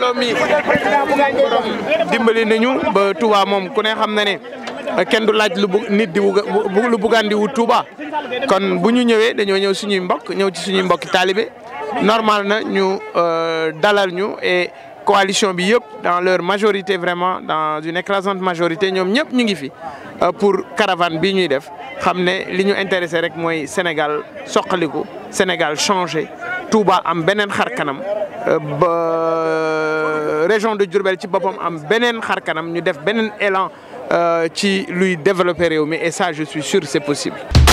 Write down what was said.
mbooloo mi borom dimbali nañu ba Touba moom ku ne xam na ne kenn du laaj lu nit di lu bugaan di wut kon bu ñu ñëwee dañoo ñëw suñuy mbokk ñëw ci suñuy mbokki taalibe normal na ñu euh, dalal ñu e coalition bi yëpp dans leur majorité vraiment dans une écrasante majorité ñoom ñëpp ñu ngi fi euh, pour caravane bi ñuy def xam ne li ñu intéressé rek mooy Sénégal soqaliku Sénégal changé Touba am beneen xar kanam euh, région de Diourbel ci boppam am beneen xar kanam ñu def beneen élan euh, ci luy développer réew mi et ça je suis sûr c'est possible